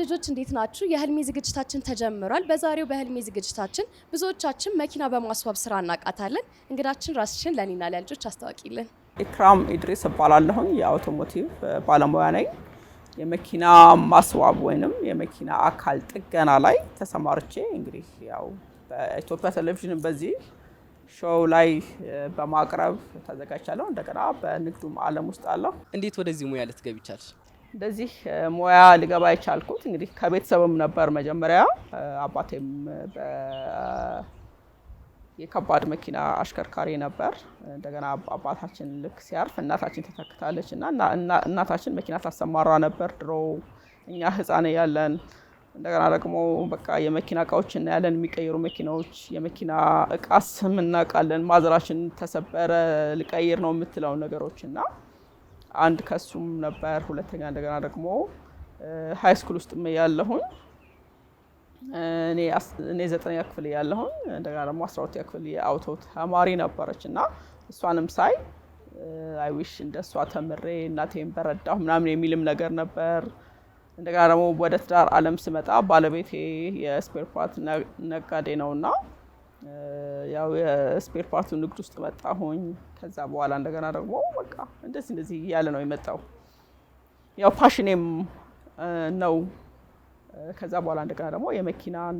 ልጆች እንዴት ናችሁ? የህልሜ ዝግጅታችን ተጀምሯል። በዛሬው በህልሜ ዝግጅታችን ብዙዎቻችን መኪና በማስዋብ ስራ እናውቃታለን። እንግዳችን ራስሽን ለኔና ለልጆች አስታዋቂልን። ኢክራም ኢድሪስ እባላለሁኝ የአውቶሞቲቭ ባለሙያ ነኝ። የመኪና ማስዋብ ወይንም የመኪና አካል ጥገና ላይ ተሰማርቼ እንግዲህ ያው በኢትዮጵያ ቴሌቪዥን በዚህ ሾው ላይ በማቅረብ ተዘጋጅቻለሁ። እንደገና በንግዱም አለም ውስጥ አለሁ። እንዴት ወደዚህ ሙያ ልትገቢ ቻልሽ? እንደዚህ ሙያ ልገባ የቻልኩት እንግዲህ ከቤተሰብም ነበር። መጀመሪያ አባቴም የከባድ መኪና አሽከርካሪ ነበር። እንደገና አባታችን ልክ ሲያርፍ እናታችን ተተክታለች እና እናታችን መኪና ታሰማራ ነበር ድሮ እኛ ሕፃን ያለን። እንደገና ደግሞ በቃ የመኪና እቃዎች እናያለን፣ የሚቀይሩ መኪናዎች፣ የመኪና እቃ ስም እናውቃለን። ማዘራችን ተሰበረ ልቀይር ነው የምትለው ነገሮች እና አንድ ከሱም ነበር። ሁለተኛ እንደገና ደግሞ ሀይ ስኩል ውስጥ ያለሁኝ እኔ ዘጠነኛ ክፍል ያለሁኝ እንደገና ደግሞ አስራ ሁለተኛ ክፍል የአውቶ ተማሪ ነበረች እና እሷንም ሳይ አይዊሽ እንደ እሷ ተምሬ እናቴን በረዳሁ ምናምን የሚልም ነገር ነበር። እንደገና ደግሞ ወደ ትዳር አለም ስመጣ ባለቤቴ የስፔር ፓርት ነጋዴ ነውና ያው የስፔር ፓርቱ ንግድ ውስጥ መጣሁኝ። ከዛ በኋላ እንደገና ደግሞ በቃ እንደዚህ እንደዚህ እያለ ነው የመጣው። ያው ፓሽኔም ነው። ከዛ በኋላ እንደገና ደግሞ የመኪናን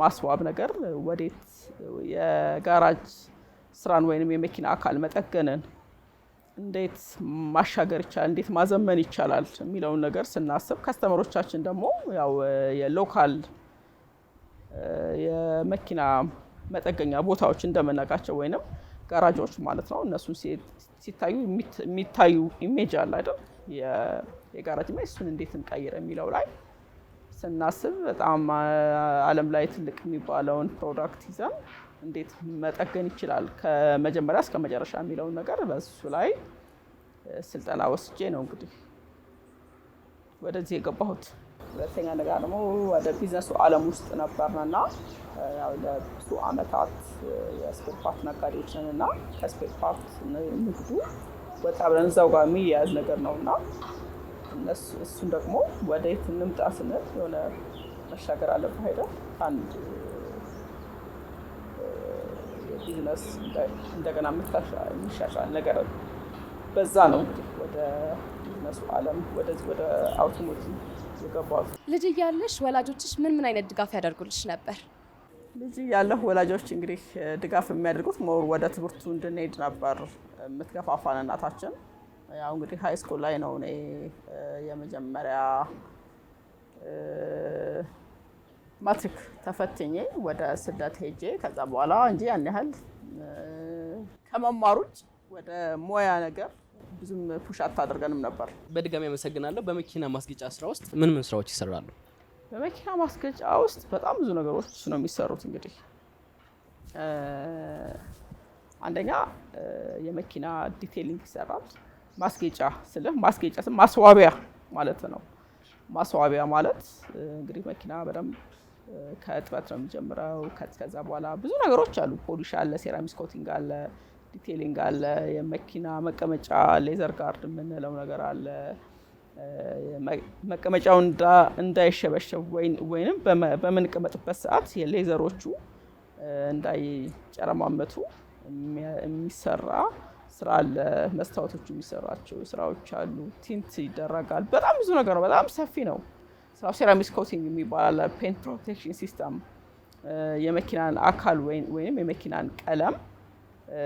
ማስዋብ ነገር ወዴት የጋራጅ ስራን ወይንም የመኪና አካል መጠገንን እንዴት ማሻገር ይቻላል፣ እንዴት ማዘመን ይቻላል የሚለውን ነገር ስናስብ ከስተመሮቻችን ደግሞ ያው የሎካል የመኪና መጠገኛ ቦታዎች እንደምነጋቸው ወይንም ጋራጆች ማለት ነው። እነሱን ሲታዩ የሚታዩ ኢሜጅ አለ አይደል? የጋራጅ ኢሜጅ፣ እሱን እንዴት እንቀይር የሚለው ላይ ስናስብ በጣም አለም ላይ ትልቅ የሚባለውን ፕሮዳክት ይዘን እንዴት መጠገን ይችላል ከመጀመሪያ እስከ መጨረሻ የሚለውን ነገር በሱ ላይ ስልጠና ወስጄ ነው እንግዲህ ወደዚህ የገባሁት። ሁለተኛ ነገር ደግሞ ወደ ቢዝነሱ አለም ውስጥ ነበርን እና ለብዙ አመታት የስፔር ፓርት ነጋዴዎች ነን እና ከስፔር ፓርት ንግዱ ወጣ ብለን እዛው ጋር የሚያያዝ ነገር ነው እና እሱን ደግሞ ወደ የት እንምጣ ስንል የሆነ መሻገር አለብህ ሄደህ አንድ ቢዝነስ እንደገና የሚሻሻል ነገር በዛ ነው እንግዲህ ወደ ቢዝነሱ አለም ወደዚህ ወደ አውቶሞቲቭ ልጅ እያለሽ ወላጆችሽ ምን ምን አይነት ድጋፍ ያደርጉልሽ ነበር? ልጅ እያለሁ ወላጆች እንግዲህ ድጋፍ የሚያደርጉት ሞር ወደ ትምህርቱ እንድንሄድ ነበር የምትገፋፋን እናታችን። ያው እንግዲህ ሀይ ስኩል ላይ ነው እኔ የመጀመሪያ ማትሪክ ተፈትኜ ወደ ስደት ሄጄ ከዛ በኋላ እንጂ ያን ያህል ከመማር ውጭ ወደ ሙያ ነገር ብዙም ፑሽ አታደርገንም ነበር። በድጋሚ አመሰግናለሁ። በመኪና ማስጌጫ ስራ ውስጥ ምን ምን ስራዎች ይሰራሉ? በመኪና ማስጌጫ ውስጥ በጣም ብዙ ነገሮች ነው የሚሰሩት። እንግዲህ አንደኛ የመኪና ዲቴይሊንግ ይሰራል። ማስጌጫ ስልህ ማስጌጫ ስም ማስዋቢያ ማለት ነው። ማስዋቢያ ማለት እንግዲህ መኪና በደንብ ከእጥበት ነው የሚጀምረው። ከዛ በኋላ ብዙ ነገሮች አሉ። ፖሊሽ አለ፣ ሴራሚስ ኮቲንግ አለ ዲቴይሊንግ አለ፣ የመኪና መቀመጫ ሌዘር ጋርድ የምንለው ነገር አለ። መቀመጫው እንዳይሸበሸብ ወይንም በምንቀመጥበት ሰዓት የሌዘሮቹ እንዳይጨረማመቱ የሚሰራ ስራ አለ። መስታወቶቹ የሚሰራቸው ስራዎች አሉ። ቲንት ይደረጋል። በጣም ብዙ ነገር ነው። በጣም ሰፊ ነው ስራው። ሴራሚስ ኮቲንግ የሚባል ፔንት ፕሮቴክሽን ሲስተም የመኪናን አካል ወይም የመኪናን ቀለም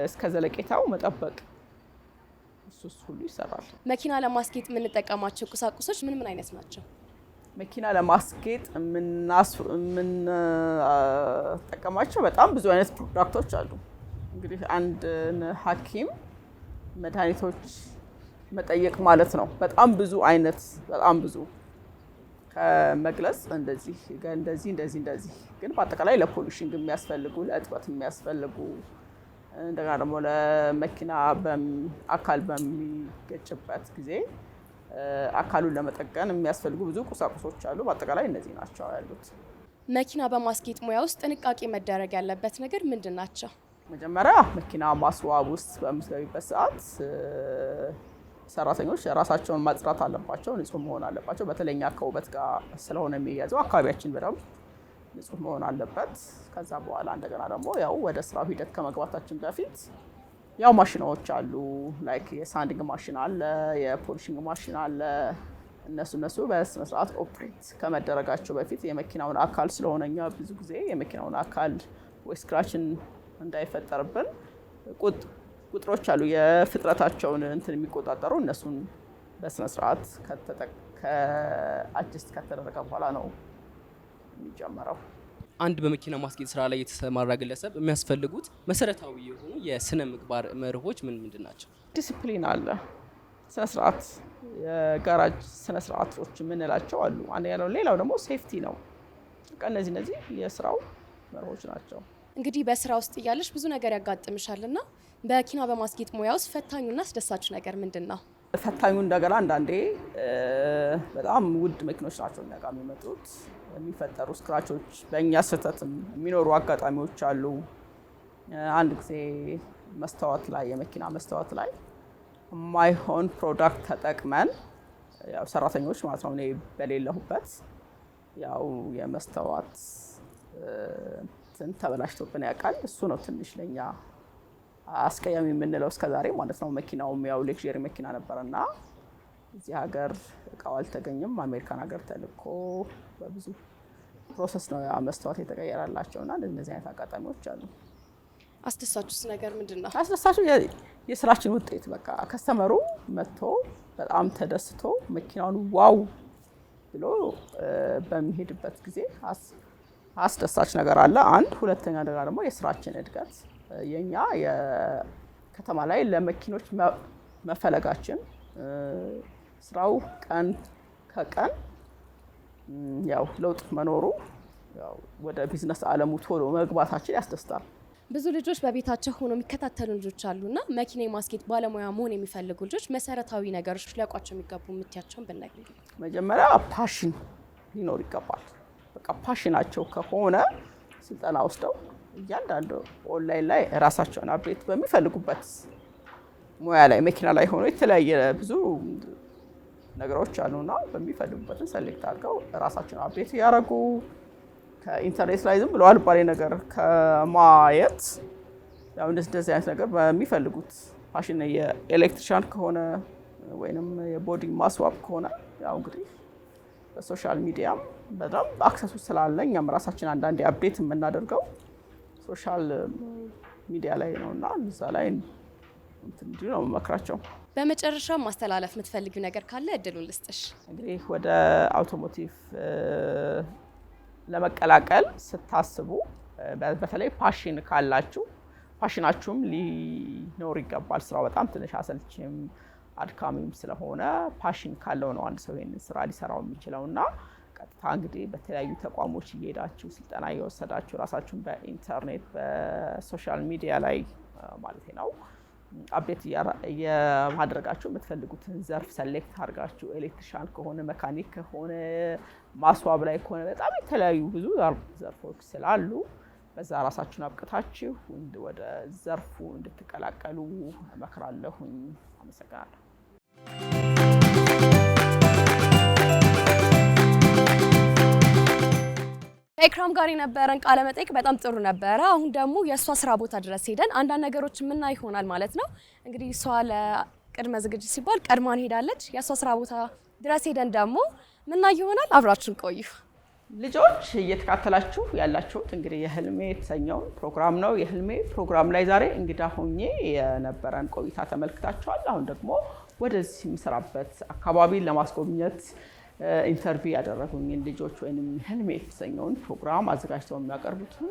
እስከ ዘለቄታው መጠበቅ እሱስ ሁሉ ይሰራል። መኪና ለማስጌጥ የምንጠቀማቸው ቁሳቁሶች ምን ምን አይነት ናቸው? መኪና ለማስጌጥ የምንጠቀማቸው በጣም ብዙ አይነት ፕሮዳክቶች አሉ። እንግዲህ አንድ ሐኪም መድኃኒቶች መጠየቅ ማለት ነው። በጣም ብዙ አይነት በጣም ብዙ ከመግለጽ እንደዚህ እንደዚህ እንደዚህ እንደዚህ ግን በአጠቃላይ ለፖሊሽንግ የሚያስፈልጉ ለእጥበት የሚያስፈልጉ እንደገና ደግሞ ለመኪና አካል በሚገጭበት ጊዜ አካሉን ለመጠቀን የሚያስፈልጉ ብዙ ቁሳቁሶች አሉ። በአጠቃላይ እነዚህ ናቸው ያሉት። መኪና በማስጌጥ ሙያ ውስጥ ጥንቃቄ መደረግ ያለበት ነገር ምንድን ናቸው? መጀመሪያ መኪና ማስዋብ ውስጥ በምትገቢበት ሰዓት ሰራተኞች ራሳቸውን ማጽዳት አለባቸው፣ ንጹህ መሆን አለባቸው። በተለይ ከውበት ጋር ስለሆነ የሚያዘው አካባቢያችን በደንብ ንጹህ መሆን አለበት። ከዛ በኋላ እንደገና ደግሞ ያው ወደ ስራው ሂደት ከመግባታችን በፊት ያው ማሽኖች አሉ። ላይክ የሳንዲንግ ማሽን አለ፣ የፖሊሽንግ ማሽን አለ። እነሱ እነሱ በስነስርዓት ኦፕሬት ከመደረጋቸው በፊት የመኪናውን አካል ስለሆነኛ ብዙ ጊዜ የመኪናውን አካል ወይ ስክራችን እንዳይፈጠርብን ቁጥሮች አሉ፣ የፍጥረታቸውን እንትን የሚቆጣጠሩ እነሱን በስነስርዓት ከአጅስት ከተደረገ በኋላ ነው የሚጨምረው። አንድ በመኪና ማስጌጥ ስራ ላይ የተሰማራ ግለሰብ የሚያስፈልጉት መሰረታዊ የሆኑ የስነ ምግባር መርሆች ምን ምንድን ናቸው? ዲስፕሊን አለ፣ ስነስርዓት፣ የጋራጅ ስነስርዓቶች የምንላቸው አሉ። አንደኛው ሌላው ደግሞ ሴፍቲ ነው። በቃ እነዚህ እነዚህ የስራው መርሆች ናቸው። እንግዲህ በስራ ውስጥ እያለሽ ብዙ ነገር ያጋጥምሻል እና በኪና በማስጌጥ ሙያ ውስጥ ፈታኙና አስደሳች ነገር ምንድን ነው? ፈታኙ እንደገና አንዳንዴ በጣም ውድ መኪኖች ናቸው እኛ ጋር የሚመጡት የሚፈጠሩ ስክራቾች በእኛ ስህተትም የሚኖሩ አጋጣሚዎች አሉ። አንድ ጊዜ መስታወት ላይ የመኪና መስታወት ላይ የማይሆን ፕሮዳክት ተጠቅመን ያው ሰራተኞች ማለት ነው እኔ በሌለሁበት ያው የመስታወት እንትን ተበላሽቶብን ያውቃል። እሱ ነው ትንሽ ለኛ አስቀያሚ የምንለው እስከዛሬ ማለት ነው። መኪናውም ያው ሌክዥሪ መኪና እና እዚህ ሀገር እቃው አልተገኘም። አሜሪካን ሀገር ተልኮ በብዙ ፕሮሰስ ነው መስተዋት የተቀየራላቸው እና እንደዚህ አይነት አጋጣሚዎች አሉ። አስደሳችሁስ ነገር ምንድን ነው? አስደሳችሁ የስራችን ውጤት በቃ ከስተመሩ መጥቶ በጣም ተደስቶ መኪናውን ዋው ብሎ በሚሄድበት ጊዜ አስደሳች ነገር አለ። አንድ ሁለተኛ ነገር ደግሞ የስራችን እድገት የኛ ከተማ ላይ ለመኪኖች መፈለጋችን ስራው ቀን ከቀን ያው ለውጥ መኖሩ ወደ ቢዝነስ አለሙ ቶሎ መግባታችን ያስደስታል። ብዙ ልጆች በቤታቸው ሆኖ የሚከታተሉ ልጆች አሉና መኪና የማስጌጥ ባለሙያ መሆን የሚፈልጉ ልጆች መሰረታዊ ነገሮች ሊያውቋቸው የሚገቡ የምትያቸውን ብናገኝ፣ መጀመሪያ ፓሽን ሊኖር ይገባል። በቃ ፓሽናቸው ከሆነ ስልጠና ወስደው እያንዳንዱ ኦንላይን ላይ ራሳቸውን አፕዴት በሚፈልጉበት ሙያ ላይ መኪና ላይ ሆኖ የተለያየ ብዙ ነገሮች አሉና በሚፈልጉበትን ሰሌክት አድርገው ራሳቸውን አፕዴት እያደረጉ ከኢንተርኔት ላይ ዝም ብሎ አልባሌ ነገር ከማየት ያው እንደዚህ አይነት ነገር በሚፈልጉት ፋሽን የኤሌክትሪሻን ከሆነ ወይም የቦዲ ማስዋብ ከሆነ ያው እንግዲህ በሶሻል ሚዲያም በጣም አክሰሱ ስላለ እኛም ራሳችን አንዳንዴ አፕዴት የምናደርገው ሶሻል ሚዲያ ላይ ነው እና እዛ ላይ እንዲሁ ነው መክራቸው። በመጨረሻ ማስተላለፍ የምትፈልጊው ነገር ካለ እድሉን ልስጥሽ። እንግዲህ ወደ አውቶሞቲቭ ለመቀላቀል ስታስቡ በተለይ ፓሽን ካላችሁ ፓሽናችሁም ሊኖር ይገባል። ስራው በጣም ትንሽ አሰልችም አድካሚም ስለሆነ ፓሽን ካለው ነው አንድ ሰው ይህንን ስራ ሊሰራው የሚችለው እና ቀጥታ እንግዲህ በተለያዩ ተቋሞች እየሄዳችሁ ስልጠና እየወሰዳችሁ ራሳችሁን በኢንተርኔት በሶሻል ሚዲያ ላይ ማለት ነው አፕዴት የማድረጋችሁ የምትፈልጉትን ዘርፍ ሰሌክት አድርጋችሁ ኤሌክትሪሻን ከሆነ መካኒክ ከሆነ ማስዋብ ላይ ከሆነ በጣም የተለያዩ ብዙ ዘርፎች ስላሉ በዛ ራሳችሁን አብቅታችሁ ወደ ዘርፉ እንድትቀላቀሉ እመክራለሁኝ። አመሰግናለሁ። ኤክራም ጋር የነበረን ቃለ መጠይቅ በጣም ጥሩ ነበረ። አሁን ደግሞ የእሷ ስራ ቦታ ድረስ ሄደን አንዳንድ ነገሮች ምና ይሆናል ማለት ነው። እንግዲህ እሷ ለቅድመ ዝግጅት ሲባል ቀድማን ሄዳለች። የእሷ ስራ ቦታ ድረስ ሄደን ደግሞ ምና ይሆናል። አብራችን ቆዩ ልጆች። እየተካተላችሁ ያላችሁት እንግዲህ የህልሜ የተሰኘውን ፕሮግራም ነው። የህልሜ ፕሮግራም ላይ ዛሬ እንግዳ ሆኜ የነበረን ቆይታ ተመልክታችኋል። አሁን ደግሞ ወደዚህ የምሰራበት አካባቢ ለማስጎብኘት ኢንተርቪው ያደረጉኝን ልጆች ወይም ህልሜ የተሰኘውን ፕሮግራም አዘጋጅተው የሚያቀርቡትን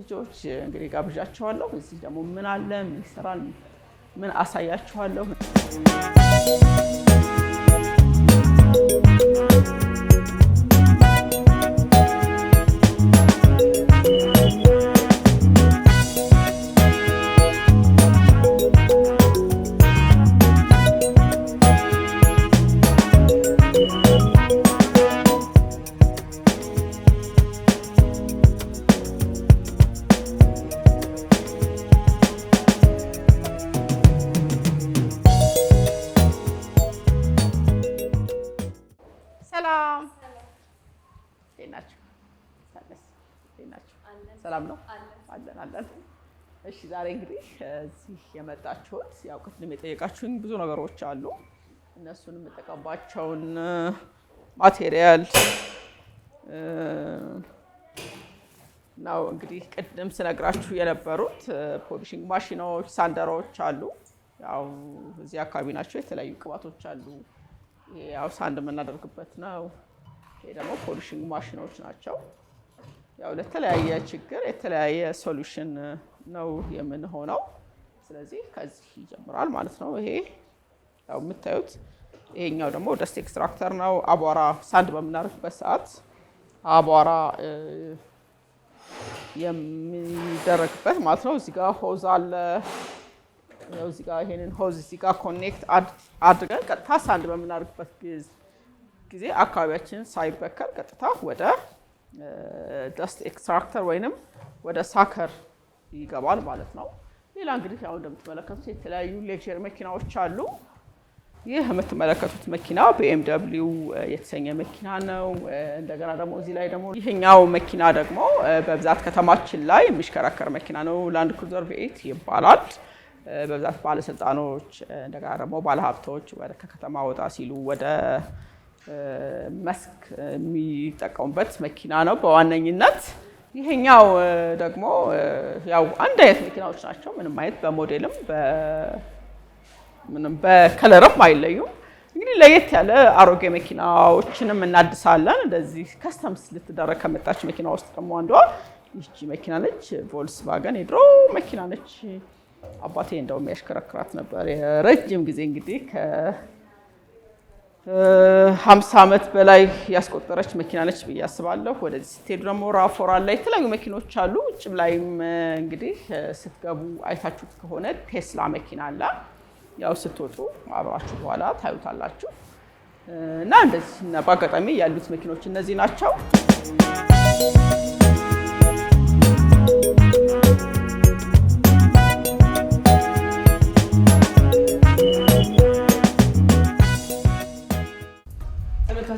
ልጆች እንግዲህ ጋብዣቸዋለሁ። እዚህ ደግሞ ምን አለ፣ ምን ይሰራል፣ ምን አሳያቸዋለሁ። ዛሬ እንግዲህ እዚህ የመጣችሁት ያው ቅድም የጠየቃችሁኝ ብዙ ነገሮች አሉ። እነሱን የምጠቀምባቸውን ማቴሪያል ነው እንግዲህ ቅድም ስነግራችሁ የነበሩት ፖሊሽንግ ማሽኖች፣ ሳንደሮች አሉ። ያው እዚህ አካባቢ ናቸው። የተለያዩ ቅባቶች አሉ። ያው ሳንድ የምናደርግበት ነው። ይሄ ደግሞ ፖሊሽንግ ማሽኖች ናቸው። ያው ለተለያየ ችግር የተለያየ ሶሉሽን ነው የምንሆነው። ስለዚህ ከዚህ ይጀምራል ማለት ነው። ይሄ ያው የምታዩት ይሄኛው ደግሞ ደስት ኤክስትራክተር ነው። አቧራ ሳንድ በምናደርግበት ሰዓት አቧራ የሚደረግበት ማለት ነው። እዚጋ ሆዝ አለ። ያው ይሄንን ሆዝ እዚጋ ኮኔክት አድርገን ቀጥታ ሳንድ በምናደርግበት ጊዜ አካባቢያችንን ሳይበከል ቀጥታ ወደ ደስት ኤክስትራክተር ወይንም ወደ ሳከር ይገባል ማለት ነው። ሌላ እንግዲህ ያው እንደምትመለከቱት የተለያዩ ሌክዠር መኪናዎች አሉ። ይህ የምትመለከቱት መኪና በኤምደብሊው የተሰኘ መኪና ነው። እንደገና ደግሞ እዚህ ላይ ደግሞ ይህኛው መኪና ደግሞ በብዛት ከተማችን ላይ የሚሽከራከር መኪና ነው። ላንድ ክሩዘር ቪኤት ይባላል። በብዛት ባለስልጣኖች፣ እንደገና ደግሞ ባለሀብቶች ከከተማ ወጣ ሲሉ ወደ መስክ የሚጠቀሙበት መኪና ነው በዋነኝነት ይሄኛው ደግሞ ያው አንድ አይነት መኪናዎች ናቸው። ምንም አይነት በሞዴልም ምንም በከለርም አይለዩም። እንግዲህ ለየት ያለ አሮጌ መኪናዎችንም እናድሳለን። እንደዚህ ከስተምስ ልትደረግ ከመጣች መኪና ውስጥ ደግሞ አንዷ ይቺ መኪና ነች። ቮልስቫገን የድሮ መኪና ነች። አባቴ እንደውም ያሽከረክራት ነበር የረጅም ጊዜ እንግዲህ ሀምሳ ዓመት በላይ ያስቆጠረች መኪና ነች ብዬ አስባለሁ። ወደዚህ ስትሄዱ ደግሞ ራፎራል ላይ የተለያዩ መኪኖች አሉ። ውጭም ላይም እንግዲህ ስትገቡ አይታችሁ ከሆነ ቴስላ መኪና አለ። ያው ስትወጡ አብራችሁ በኋላ ታዩታላችሁ። እና እንደዚህ በአጋጣሚ ያሉት መኪኖች እነዚህ ናቸው።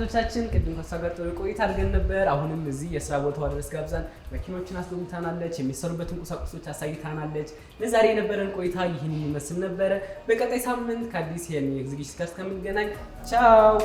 ተመልካቾቻችን ቅድም ከእሷ ጋር ጥሩ ቆይታ አድርገን ነበር። አሁንም እዚህ የስራ ቦታዋ ድረስ ጋብዛን መኪኖችን አስገቡታናለች፣ የሚሰሩበትን ቁሳቁሶች አሳይታናለች። ለዛሬ የነበረን ቆይታ ይህን ይመስል ነበረ። በቀጣይ ሳምንት ከአዲስ ይህን ኤግዚቢሽን ጋር እስከምንገናኝ ቻው።